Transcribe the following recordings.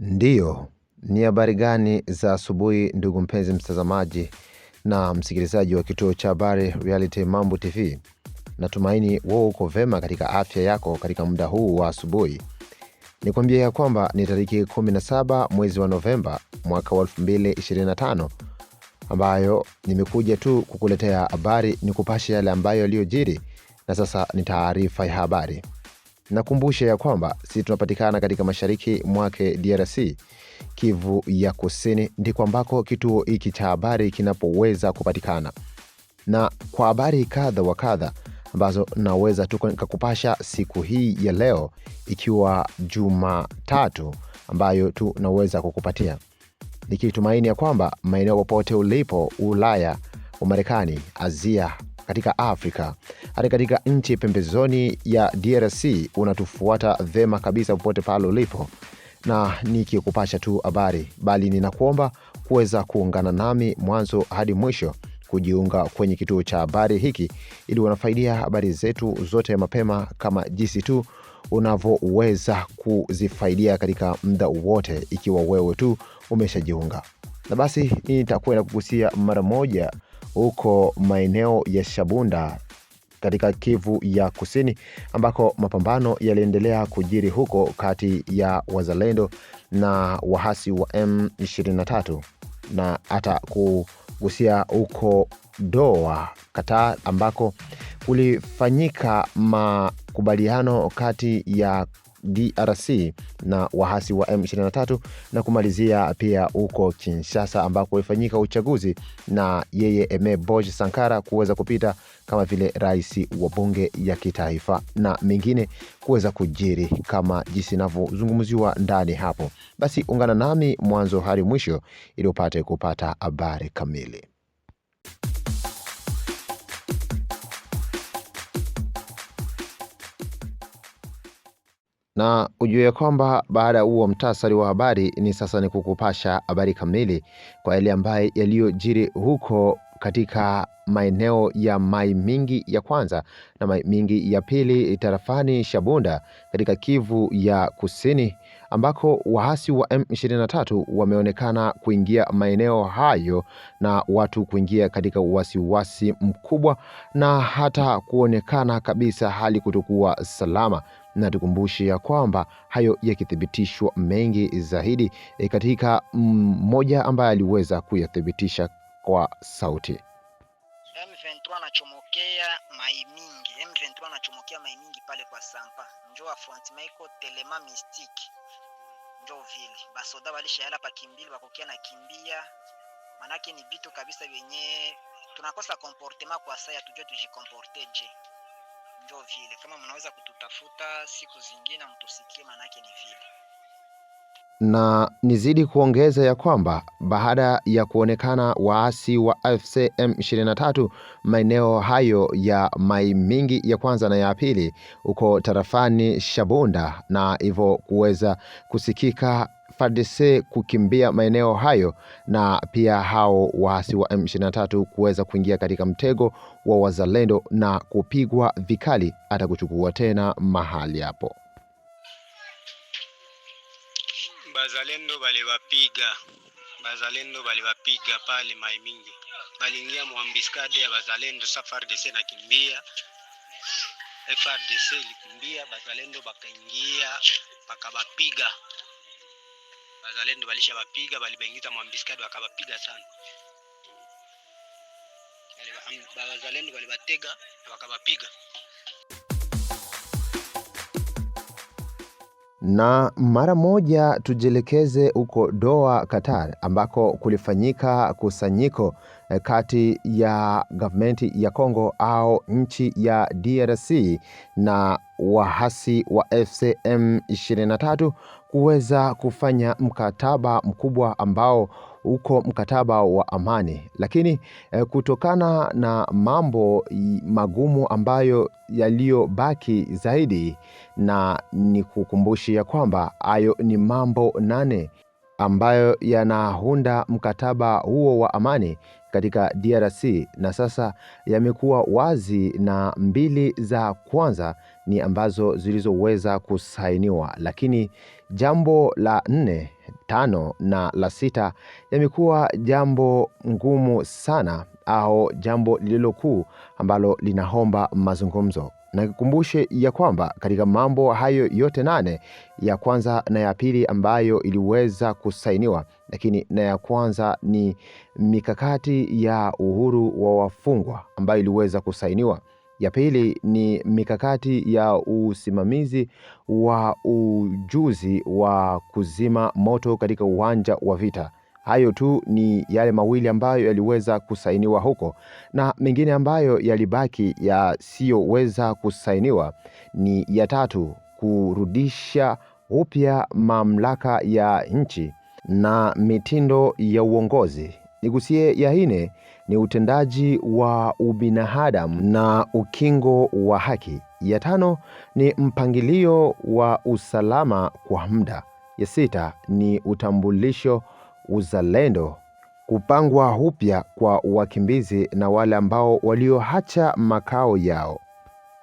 Ndiyo, ni habari gani za asubuhi ndugu mpenzi mtazamaji na msikilizaji wa kituo cha habari Reality Mambo TV. Natumaini wewe uko vema katika afya yako katika muda huu wa asubuhi. ni kuambia ya kwamba ni tariki 17 mwezi wa Novemba mwaka wa 2025 ambayo nimekuja tu kukuletea habari ni kupasha yale ambayo yaliyojiri, na sasa ni taarifa ya habari. Nakumbushe ya kwamba sisi tunapatikana katika mashariki mwake DRC, Kivu ya Kusini ndiko ambako kituo hiki cha habari kinapoweza kupatikana, na kwa habari kadha wa kadha ambazo naweza tu siku hii ya leo, ikiwa Jumatatu ambayo tunaweza kukupatia nikitumaini ya kwamba maeneo popote ulipo Ulaya, Umarekani, Asia katika Afrika, hadi katika nchi pembezoni ya DRC. Unatufuata vema kabisa popote pale ulipo, na nikikupasha tu habari, bali ninakuomba kuweza kuungana nami mwanzo hadi mwisho kujiunga kwenye kituo cha habari hiki ili unafaidia habari zetu zote mapema kama jinsi tu unavyoweza kuzifaidia katika muda wote, ikiwa wewe tu umeshajiunga. Na basi nitakwenda kugusia mara moja huko maeneo ya Shabunda katika Kivu ya Kusini ambako mapambano yaliendelea kujiri huko kati ya wazalendo na wahasi wa M23 na hata kugusia huko Doa Katar ambako kulifanyika makubaliano kati ya DRC na waasi wa M23 na kumalizia pia huko Kinshasa ambako ifanyika uchaguzi na yeye Aime Boj Sankara kuweza kupita kama vile rais wa bunge ya kitaifa na mengine kuweza kujiri kama jinsi inavyozungumziwa ndani hapo. Basi ungana nami mwanzo hadi mwisho ili upate kupata habari kamili. na ujue kwamba baada ya huo mtasari wa habari, ni sasa ni kukupasha habari kamili kwa yale ambaye yaliyojiri huko katika maeneo ya Mai Mingi ya kwanza na Mai Mingi ya pili tarafani Shabunda katika Kivu ya Kusini, ambako waasi wa M23 wameonekana kuingia maeneo hayo na watu kuingia katika wasiwasi mkubwa na hata kuonekana kabisa hali kutokuwa salama na tukumbushe ya kwamba hayo yakithibitishwa mengi zaidi e, katika mmoja mm, ambaye aliweza kuyathibitisha kwa sauti M23 anachomokea mai mingi, M23 anachomokea mai mingi pale kwa Sampa wa front Michael telema mistiki njoo vile basoda walishaela pa kimbili bakokea na kimbia, manake ni vitu kabisa vyenye tunakosa comportement kwa saa, tujue tujikomporte je ndio vile. Kama mnaweza kututafuta siku zingine mtusikie, maanake ni vile. Na nizidi kuongeza ya kwamba baada ya kuonekana waasi wa AFC M23 maeneo hayo ya Mai Mingi ya kwanza na ya pili, uko tarafani Shabunda, na hivyo kuweza kusikika FARDC kukimbia maeneo hayo na pia hao waasi wa M23 kuweza kuingia katika mtego wa wazalendo na kupigwa vikali hata kuchukua tena mahali hapo. Bazalendo baliwapiga, bazalendo baliwapiga pale mai mingi, baliingia mwambiskade ya bazalendo. Sa FARDC nakimbia, FARDC ilikimbia, bazalendo bakaingia, bakabapiga Wazalendo walisha wapiga, walibaingiza mwambiskadi wakawapiga sana. Wazalendo walibatega na wakawapiga. Na mara moja tujielekeze huko Doha, Qatar, ambako kulifanyika kusanyiko eh, kati ya gavumenti ya Kongo au nchi ya DRC na waasi wa FCM 23 kuweza kufanya mkataba mkubwa ambao uko mkataba wa amani, lakini eh, kutokana na mambo magumu ambayo yaliyobaki zaidi, na ni kukumbushia kwamba hayo ni mambo nane ambayo yanahunda mkataba huo wa amani katika DRC na sasa yamekuwa wazi, na mbili za kwanza ni ambazo zilizoweza kusainiwa, lakini jambo la nne, tano na la sita yamekuwa jambo ngumu sana au jambo lililokuu ambalo linaomba mazungumzo. Na kukumbushe ya kwamba katika mambo hayo yote nane, ya kwanza na ya pili ambayo iliweza kusainiwa, lakini na ya kwanza ni mikakati ya uhuru wa wafungwa ambayo iliweza kusainiwa ya pili ni mikakati ya usimamizi wa ujuzi wa kuzima moto katika uwanja wa vita. Hayo tu ni yale mawili ambayo yaliweza kusainiwa huko, na mengine ambayo yalibaki yasiyoweza kusainiwa ni ya tatu, kurudisha upya mamlaka ya nchi na mitindo ya uongozi. Nigusie ya nne ni utendaji wa ubinadamu na ukingo wa haki. Ya tano ni mpangilio wa usalama kwa muda. Ya sita ni utambulisho, uzalendo, kupangwa upya kwa wakimbizi na wale ambao walioacha makao yao.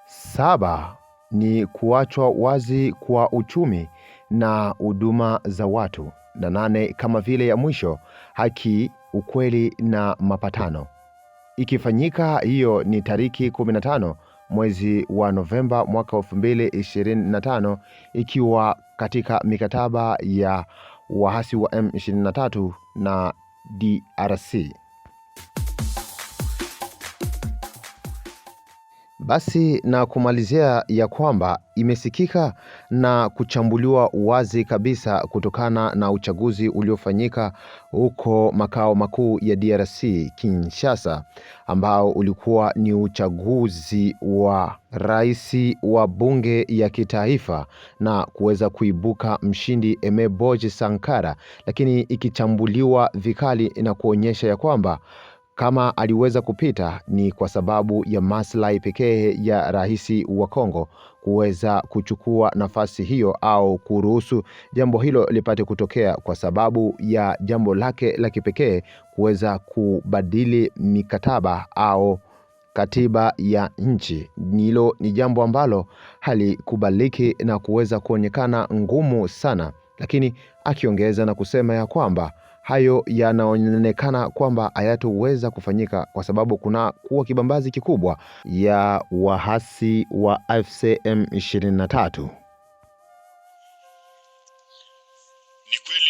Saba ni kuachwa wazi kwa uchumi na huduma za watu, na nane kama vile ya mwisho haki ukweli na mapatano. Ikifanyika hiyo ni tariki 15 mwezi wa Novemba mwaka 2025, ikiwa katika mikataba ya waasi wa M23 na DRC. Basi na kumalizia ya kwamba imesikika na kuchambuliwa wazi kabisa kutokana na uchaguzi uliofanyika huko makao makuu ya DRC Kinshasa, ambao ulikuwa ni uchaguzi wa rais wa bunge ya kitaifa na kuweza kuibuka mshindi Emeboji Sankara, lakini ikichambuliwa vikali na kuonyesha ya kwamba kama aliweza kupita ni kwa sababu ya maslahi pekee ya rais wa Kongo kuweza kuchukua nafasi hiyo au kuruhusu jambo hilo lipate kutokea kwa sababu ya jambo lake la kipekee kuweza kubadili mikataba au katiba ya nchi. Hilo ni jambo ambalo halikubaliki na kuweza kuonekana ngumu sana, lakini akiongeza na kusema ya kwamba hayo yanaonekana kwamba hayatoweza kufanyika kwa sababu kuna kuwa kibambazi kikubwa ya wahasi wa AFC M23. Ni kweli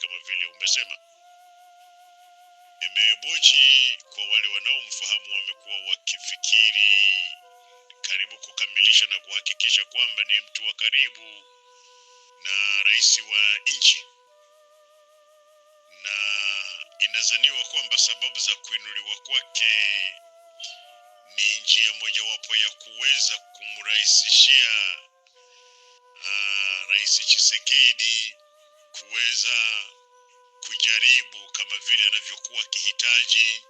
kama vile umesema. Emeboji, kwa wale wanaomfahamu, wamekuwa wakifikiri karibu kukamilisha na kuhakikisha kwamba ni mtu wa karibu na rais wa nchi, na inazaniwa kwamba sababu za kuinuliwa kwake ni njia mojawapo ya kuweza kumrahisishia uh, Rais Tshisekedi kuweza kujaribu kama vile anavyokuwa akihitaji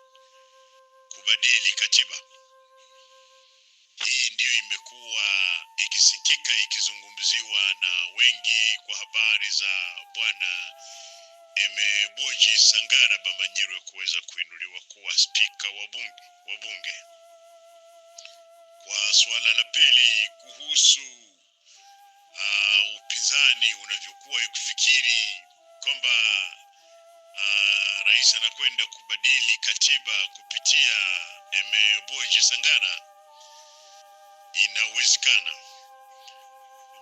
kubadili katiba. Hii ndiyo imekuwa ikisikika ikizungumziwa na wengi kwa habari za bwana Emeboji Sangara Bamanyirwe kuweza kuinuliwa kuwa spika wa bunge wa bunge. Kwa suala la pili kuhusu uh, upinzani unavyokuwa ikifikiri kwamba Ah, rais anakwenda kubadili katiba kupitia Emeboji Sangara, inawezekana.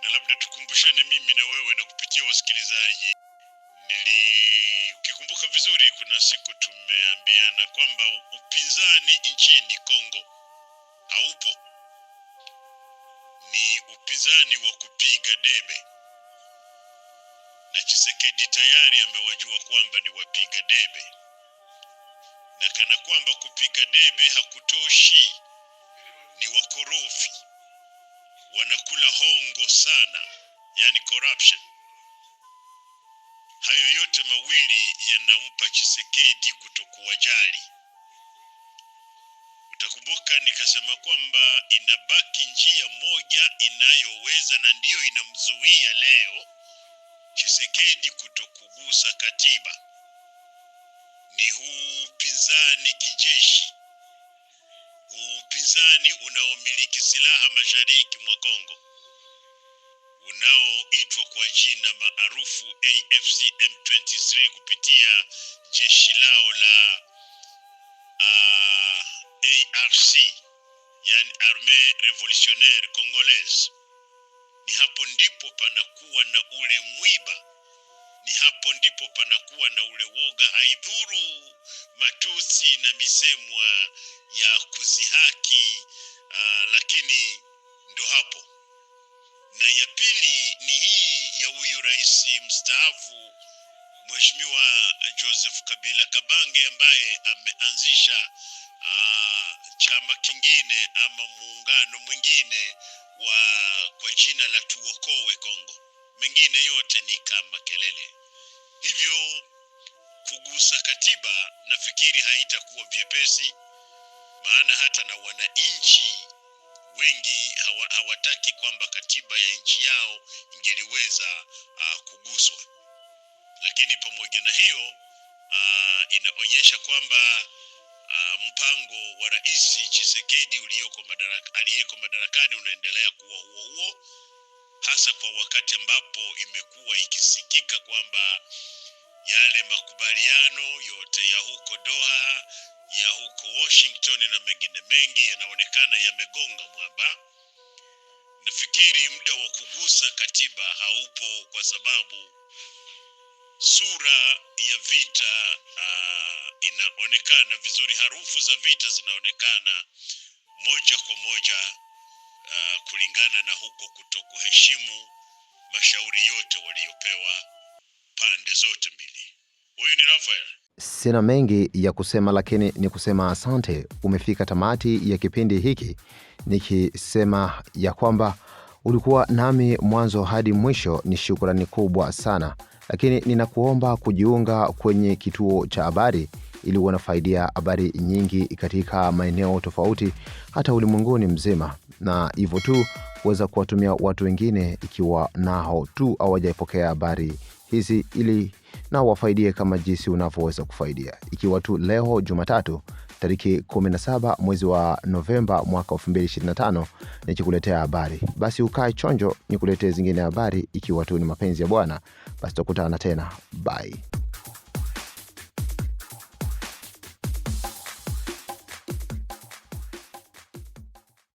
Na labda tukumbushane mimi na wewe na kupitia wasikilizaji, ukikumbuka vizuri, kuna siku tumeambiana kwamba upinzani nchini Kongo haupo, ni upinzani wa kupiga debe na Chisekedi tayari amewajua kwamba ni wapiga debe, na kana kwamba kupiga debe hakutoshi, ni wakorofi, wanakula hongo sana, yani corruption. Hayo yote mawili yanampa Chisekedi kutokuwajali. Utakumbuka nikasema kwamba inabaki njia moja inayoweza na ndiyo inamzuia leo Chisekedi kutokugusa katiba ni huu upinzani kijeshi, huu upinzani unaomiliki silaha mashariki mwa Kongo unaoitwa kwa jina maarufu AFC M23 kupitia jeshi lao la uh, ARC yani Armee Revolutionnaire Congolaise ni hapo ndipo panakuwa na ule mwiba, ni hapo ndipo panakuwa na ule woga. Haidhuru matusi na misemwa ya kuzihaki aa, ah, lakini ndo hapo. Na ya pili ni hii ya huyu rais mstaafu Mheshimiwa Joseph Kabila Kabange ambaye ameanzisha ah, chama kingine ama muungano mwingine wa kwa jina la tuokoe Kongo, mengine yote ni kama kelele. Hivyo kugusa katiba nafikiri haitakuwa vyepesi, maana hata na wananchi wengi hawa, hawataki kwamba katiba ya nchi yao ingeliweza uh, kuguswa, lakini pamoja na hiyo uh, inaonyesha kwamba uh, mpango wa Rais chisekedi uliyoko madaraka, aliyeko madarakani unaendelea kuwa huo huo, hasa kwa wakati ambapo imekuwa ikisikika kwamba yale makubaliano yote ya huko Doha ya huko Washington na mengine mengi yanaonekana yamegonga mwamba. Nafikiri muda wa kugusa katiba haupo kwa sababu sura ya vita uh, inaonekana vizuri, harufu za vita zinaonekana moja kwa moja uh, kulingana na huko kutokuheshimu mashauri yote waliyopewa pande zote mbili. Huyu ni Rafael. Sina mengi ya kusema, lakini ni kusema asante. Umefika tamati ya kipindi hiki, nikisema ya kwamba ulikuwa nami mwanzo hadi mwisho, ni shukrani kubwa sana, lakini ninakuomba kujiunga kwenye kituo cha habari ili uwe unafaidia habari nyingi katika maeneo tofauti, hata ulimwenguni mzima, na hivyo tu kuweza kuwatumia watu wengine ikiwa nao tu hawajaipokea habari hizi, ili na wafaidie kama jinsi unavyoweza kufaidia. Ikiwa tu leo Jumatatu tariki 17 mwezi wa Novemba mwaka 225 nikikuletea habari, basi ukae chonjo nikuletee zingine habari. Ikiwa tu ni mapenzi ya Bwana, basi tutakutana tena, bye.